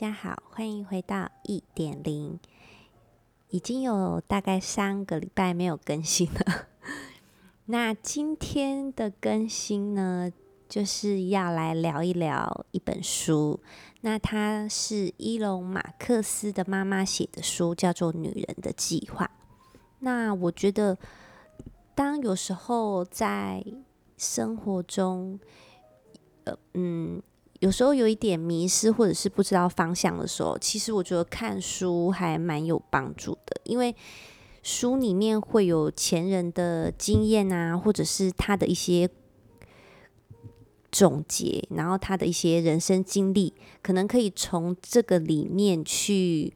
大家好，歡迎回到一點零，已經有大概三個禮拜沒有更新了。那今天的更新呢，就是要來聊一聊一本書。那它是伊隆馬克斯的媽媽寫的書，叫做《女人的計劃》。那我覺得，當有時候在生活中，呃，嗯。有時候有一點迷失，或者是不知道方向的時候，其實我覺得看書還蠻有幫助的，因為書裡面會有前人的經驗啊，或者是他的一些總結，然後他的一些人生經歷，可能可以從這個裡面去，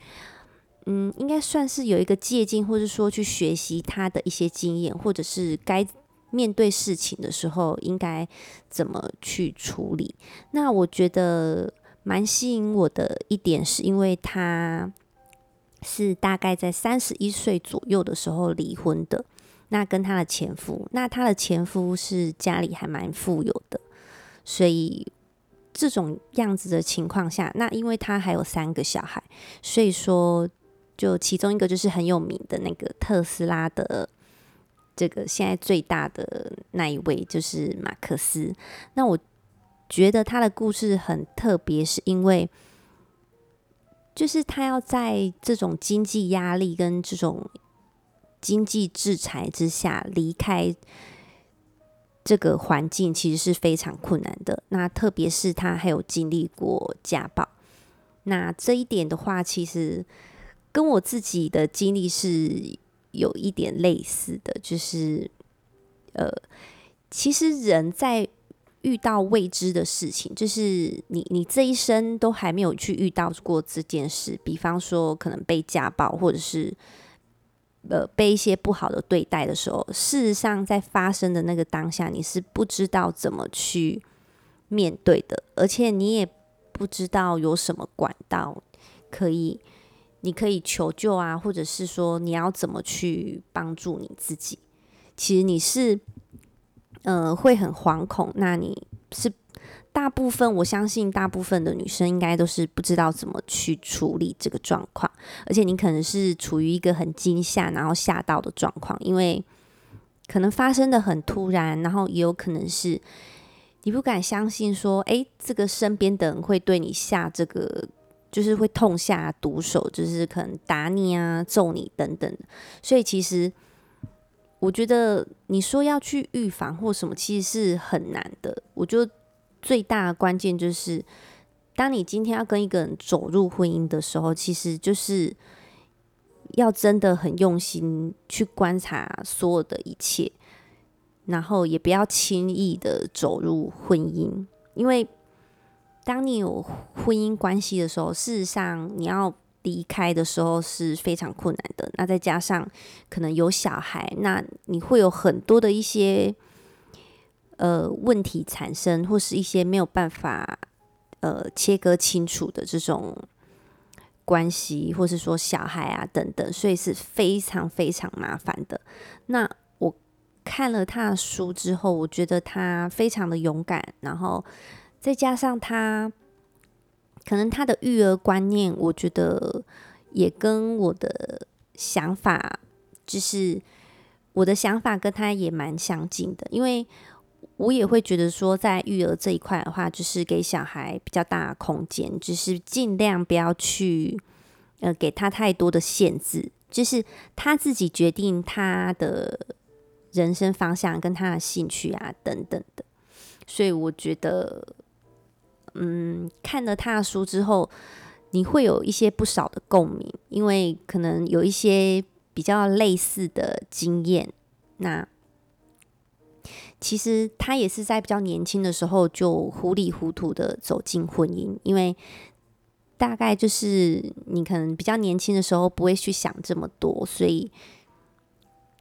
嗯，應該算是有一個借鑒，或者是說去學習他的一些經驗，或者是該。面對事情的時候應該怎麼去處理？那我覺得蠻吸引我的一點，是因為他是大概在三十一歲左右的時候離婚的。那跟他的前夫，那他的前夫是家裡還蠻富有的，所以這種樣子的情況下，那因為他還有三個小孩，所以說就其中一個就是很有名的那個特斯拉的。這個現在最大的那一位就是馬斯克。那我覺得他的故事很特別，是因為就是他要在這種經濟壓力跟這種經濟制裁之下離開這個環境，其實是非常困難的。那特別是他還有經歷過家暴，那這一點的話，其實跟我自己的經歷是。有一點類似的就是，呃，其實人在遇到未知的事情，就是你你這一生都還沒有去遇到過這件事，比方說可能被家暴，或者是呃被一些不好的對待的時候，事實上在發生的那個當下，你是不知道怎麼去面對的，而且你也不知道有什麼管道可以。你可以求救啊，或者是說你要怎麼去幫助你自己？其實你是，呃，會很惶恐。那你是大部分，我相信大部分的女生應該都是不知道怎麼去處理這個狀況，而且你可能是處於一個很驚嚇，然後嚇到的狀況，因為可能發生的很突然，然後也有可能是你不敢相信說，哎，這個身邊的人會對你下這個。就是會痛下毒手，就是可能打你啊、揍你等等。所以其實我覺得你說要去預防或什麼，其實是很難的。我覺得最大的關鍵就是，當你今天要跟一個人走入婚姻的時候，其實就是要真的很用心去觀察所有的一切，然後也不要輕易的走入婚姻，因為。當你有婚姻關係的時候，事實上你要離開的時候是非常困難的。那再加上可能有小孩，那你會有很多的一些呃問題產生，或是一些沒有辦法呃切割清楚的這種關係，或是說小孩啊等等，所以是非常非常麻煩的。那我看了他的書之後，我覺得他非常的勇敢，然後。再加上他，可能他的育兒觀念，我覺得也跟我的想法，就是我的想法跟他也蠻相近的，因為我也會覺得說，在育兒這一塊的話，就是給小孩比較大的空間，就是盡量不要去呃給他太多的限制，就是他自己決定他的人生方向跟他的興趣啊等等的，所以我覺得。嗯，看了他的書之後，你會有一些不少的共鳴，因為可能有一些比較類似的經驗。那其實他也是在比較年輕的時候就糊裡糊塗的走進婚姻，因為大概就是你可能比較年輕的時候不會去想這麼多，所以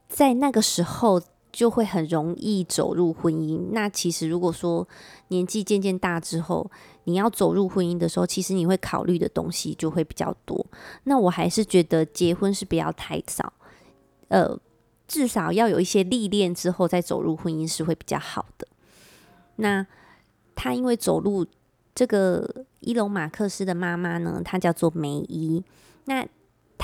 在那個時候。就會很容易走入婚姻。那其實如果說年紀漸漸大之後，你要走入婚姻的時候，其實你會考慮的東西就會比較多。那我還是覺得結婚是不要太早，呃，至少要有一些歷練之後再走入婚姻是會比較好的。那他因為走入這個伊隆馬克斯的媽媽呢，她叫做梅伊。那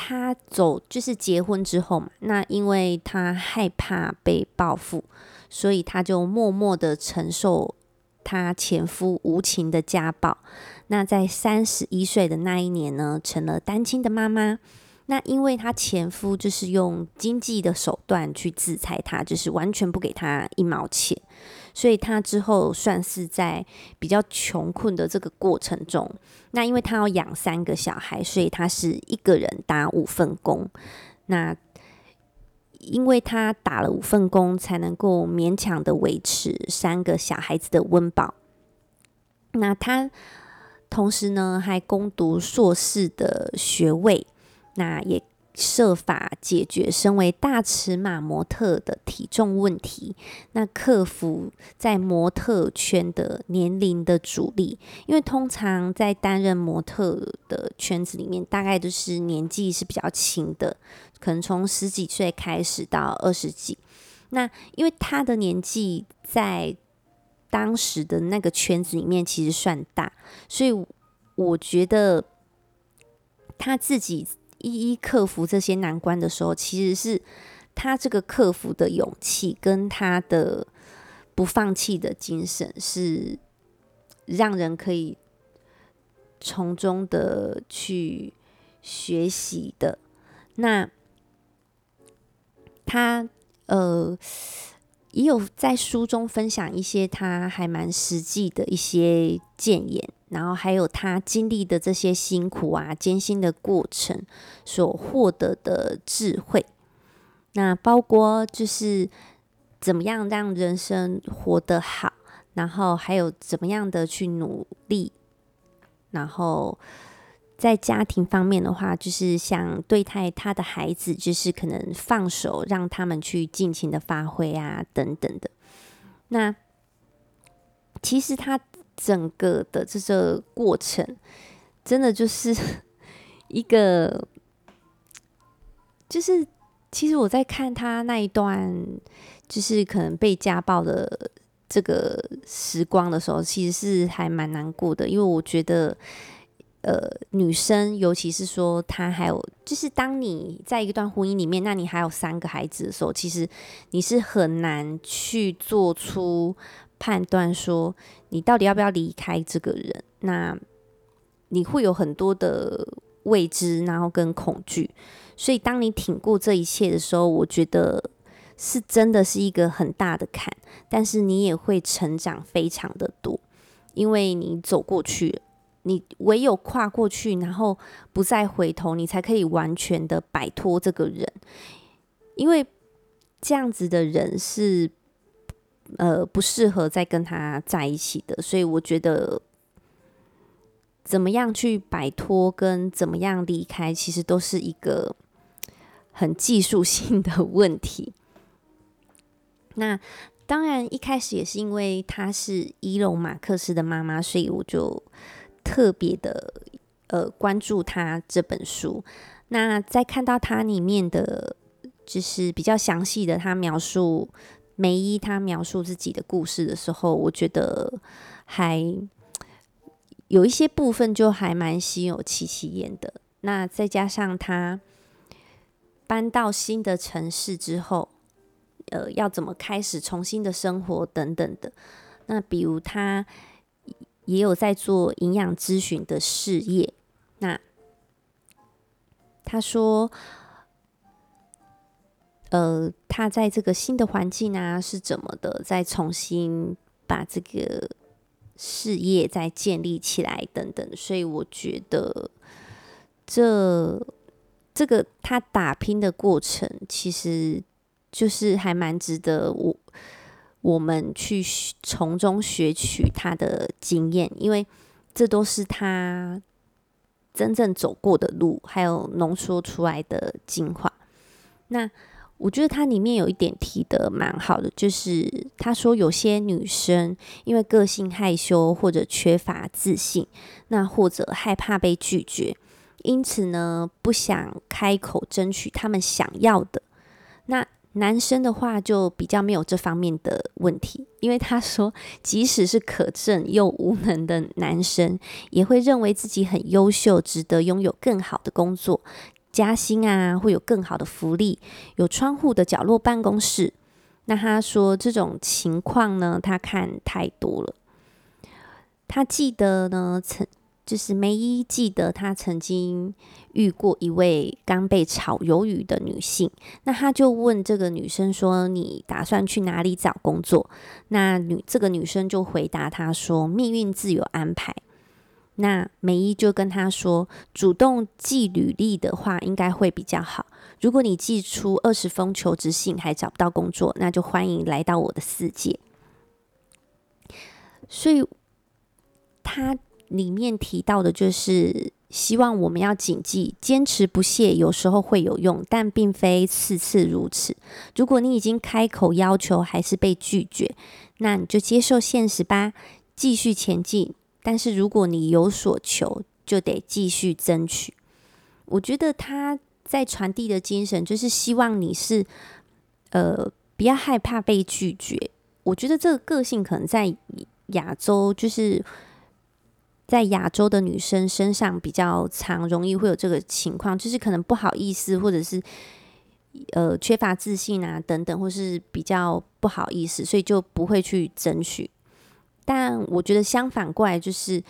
她走就是結婚之後嘛，那因為她害怕被報復，所以她就默默的承受她前夫無情的家暴。那在三十一歲的那一年呢，成了單親的媽媽。那因為她前夫就是用經濟的手段去制裁她，就是完全不給她一毛錢。所以他之後算是在比較窮困的這個過程中，那因為他要養三個小孩，所以他是一個人打五份工。那因為他打了五份工，才能夠勉強的維持三個小孩子的溫飽。那他同時呢，還攻讀碩士的學位，那也。設法解決身為大尺碼模特的體重問題，那克服在模特圈的年齡的阻力，因為通常在擔任模特的圈子裡面，大概就是年紀是比較輕的，可能從十幾歲開始到二十幾。那因為他的年紀在當時的那個圈子裡面其實算大，所以我覺得他自己。一一克服這些難關的時候，其實是他這個克服的勇氣跟他的不放棄的精神，是讓人可以從中的去學習的。那他呃也有在書中分享一些他還蠻實際的一些建言。然後還有他經歷的這些辛苦啊、艱辛的過程所獲得的智慧，那包括就是怎麼樣讓人生活得好，然後還有怎麼樣的去努力，然後在家庭方面的話，就是想對待他的孩子，就是可能放手讓他們去盡情的發揮啊，等等的。那其實他。整個的這個過程，真的就是一個，就是其實我在看他那一段就是可能被家暴的這個時光的時候，其實是還蠻難過的，因為我覺得，呃，女生尤其是說她還有，就是當你在一段婚姻裡面，那你還有三個孩子的時候，其實你是很難去做出，判斷說你到底要不要離開這個人？那你會有很多的未知，然後跟恐懼。所以當你挺過這一切的時候，我覺得是真的是一個很大的坎。但是你也會成長非常的多，因為你走過去，你唯有跨過去，然後不再回頭，你才可以完全的擺脫這個人。因為這樣子的人是。呃，不適合再跟他在一起的，所以我覺得怎麼樣去擺脫，跟怎麼樣離開，其實都是一個很技術性的問題。那當然，一開始也是因為他是伊隆馬克斯的媽媽，所以我就特別的呃關注他這本書。那在看到他裡面的就是比較詳細的他描述。梅伊她描述自己的故事的時候，我覺得還有一些部分就還蠻稀有、奇奇豔的。那再加上她搬到新的城市之後，呃，要怎麼開始重新的生活等等的。那比如她也有在做營養諮詢的事業。那她說。呃，他在這個新的環境啊是怎麼的？再重新把這個事業再建立起來，等等。所以我覺得這這個他打拼的過程，其實就是還蠻值得我我們去從中學取他的經驗，因為這都是他真正走過的路，還有濃縮出來的精華。那。我覺得他裡面有一點提得蠻好的，就是他說有些女生因為個性害羞或者缺乏自信，那或者害怕被拒絕，因此呢不想開口爭取他們想要的。那男生的話就比較沒有這方面的問題，因為他說即使是可證又無能的男生，也會認為自己很優秀，值得擁有更好的工作。加薪啊，會有更好的福利，有窗戶的角落辦公室。那他說這種情況呢，他看太多了。他記得呢，曾就是梅伊記得他曾經遇過一位剛被炒魷魚的女性。那他就問這個女生說：“你打算去哪裡找工作？”那女這個女生就回答他說：“命運自有安排。”那梅伊就跟他說：“主動寄履歷的話，應該會比較好。如果你寄出二十封求職信還找不到工作，那就歡迎來到我的世界。”所以，他裡面提到的就是希望我們要謹記：堅持不懈有時候會有用，但並非次次如此。如果你已經開口要求還是被拒絕，那你就接受現實吧，繼續前進。但是如果你有所求，就得繼續爭取。我覺得他在傳遞的精神就是希望你是，呃，不要害怕被拒絕。我覺得這個個性可能在亞洲，就是在亞洲的女生身上比較常容易會有這個情況，就是可能不好意思，或者是呃缺乏自信啊、等等，或是比較不好意思，所以就不會去爭取。但我覺得相反過來就是，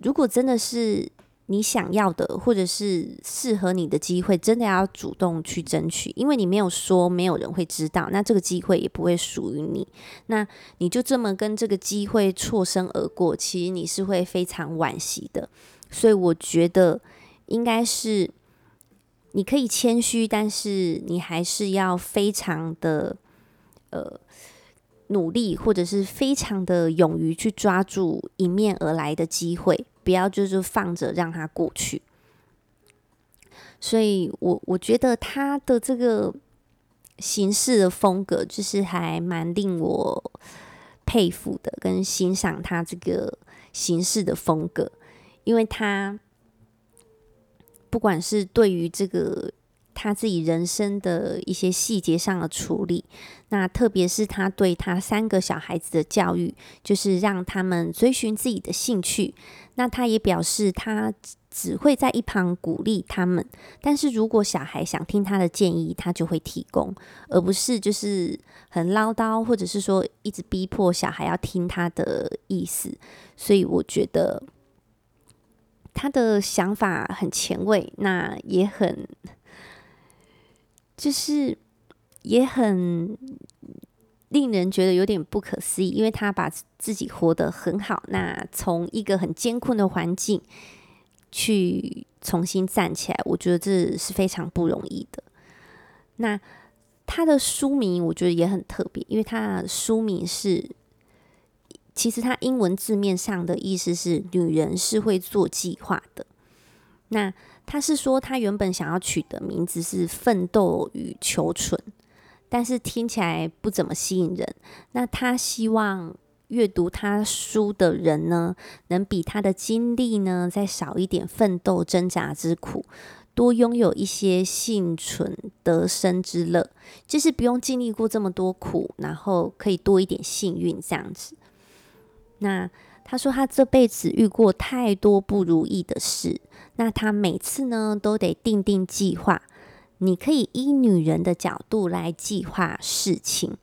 如果真的是你想要的，或者是適合你的機會，真的要主動去爭取，因為你沒有說，沒有人會知道，那這個機會也不會屬於你。那你就這麼跟這個機會錯身而過，其實你是會非常惋惜的。所以我覺得應該是你可以謙虛，但是你還是要非常的呃。努力，或者是非常的勇於去抓住迎面而來的機會，不要就是放着讓它過去。所以我我覺得他的這個行事的風格，就是還蠻令我佩服的，跟欣賞他這個行事的風格，因為他不管是對於這個。他自己人生的一些細節上的處理，那特別是他對他三個小孩子的教育，就是讓他們追尋自己的興趣。那他也表示，他只會在一旁鼓勵他們，但是如果小孩想聽他的建議，他就會提供，而不是就是很嘮叨，或者是說一直逼迫小孩要聽他的意思。所以我覺得他的想法很前衛，那也很。就是也很令人覺得有點不可思議，因為他把自己活得很好。那從一個很艱苦的環境去重新站起來，我覺得這是非常不容易的。那他的書名我覺得也很特別，因為他的書名是，其實他英文字面上的意思是“女人是會做計劃的”。那。他是說，他原本想要取的名字是“奮鬥與求存”，但是聽起來不怎麼吸引人。那他希望閱讀他書的人呢，能比他的經歷呢，再少一點奮鬥掙扎之苦，多擁有一些幸存得生之樂，就是不用經歷過這麼多苦，然後可以多一點幸運這樣子。那他說，他這輩子遇過太多不如意的事。那他每次呢都得訂定計劃，你可以以女人的角度來計劃事情。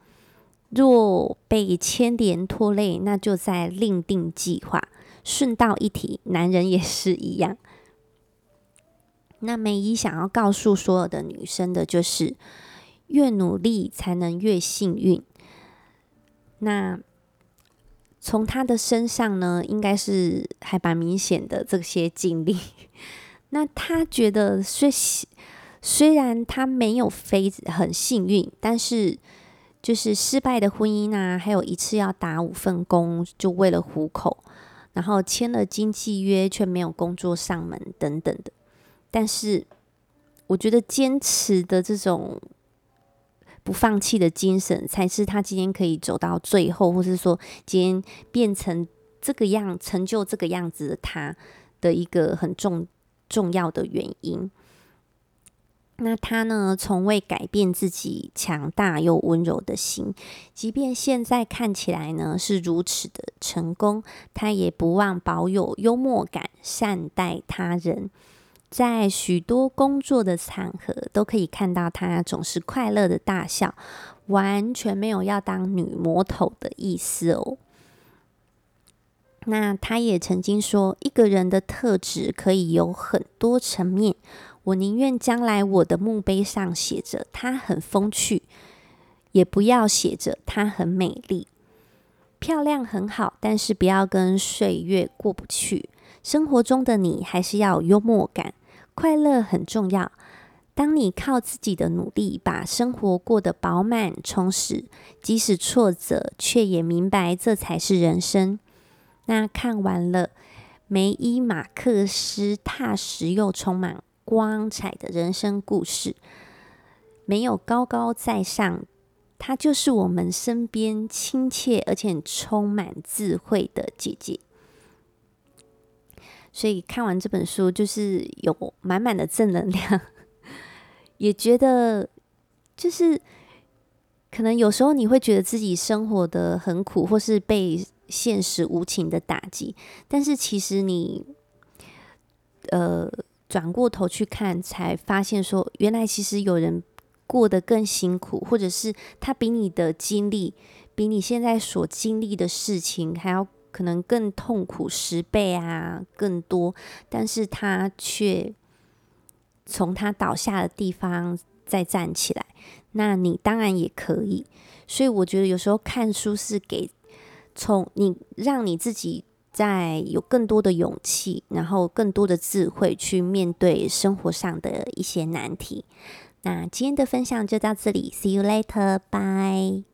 若被牽連拖累，那就再另訂計劃。順道一提，男人也是一樣。那梅伊想要告訴所有的女生的就是：越努力，才能越幸運。那。從他的身上呢，應該是還蠻明顯的這些經歷。那他覺得雖雖然他沒有妃子很幸運，但是就是失敗的婚姻啊，還有一次要打五份工就為了糊口，然後簽了經紀約卻沒有工作上門等等的。但是我覺得堅持的這種。不放棄的精神，才是他今天可以走到最後，或是說今天變成這個樣、成就這個樣子的他的一個很重重要的原因。那他呢，從未改變自己強大又溫柔的心，即便現在看起來呢，是如此的成功，他也不忘保有幽默感，善待他人。在許多工作的場合，都可以看到他總是快樂的大笑，完全沒有要當女魔頭的意思哦。那他也曾經說，一個人的特質可以有很多層面。我寧願將來我的墓碑上寫着“他很風趣”，也不要寫着“他很美麗”。漂亮很好，但是不要跟歲月過不去。生活中的你，還是要有幽默感。快樂很重要。當你靠自己的努力，把生活過得飽滿充實，即使挫折，卻也明白這才是人生。那看完了梅伊馬斯克踏實又充滿光彩的人生故事，沒有高高在上，她就是我們身邊親切而且充滿智慧的姐姐。所以看完這本書，就是有滿滿的正能量，也覺得就是可能有時候你會覺得自己生活的很苦，或是被現實無情的打擊，但是其實你呃轉過頭去看，才發現說原來其實有人過得更辛苦，或者是他比你的經歷，比你現在所經歷的事情還要。可能更痛苦十倍啊，更多，但是他卻從他倒下的地方再站起來。那你當然也可以。所以我覺得有時候看書是給從你讓你自己在有更多的勇氣，然後更多的智慧去面對生活上的一些難題。那今天的分享就到這裡，See you later，bye。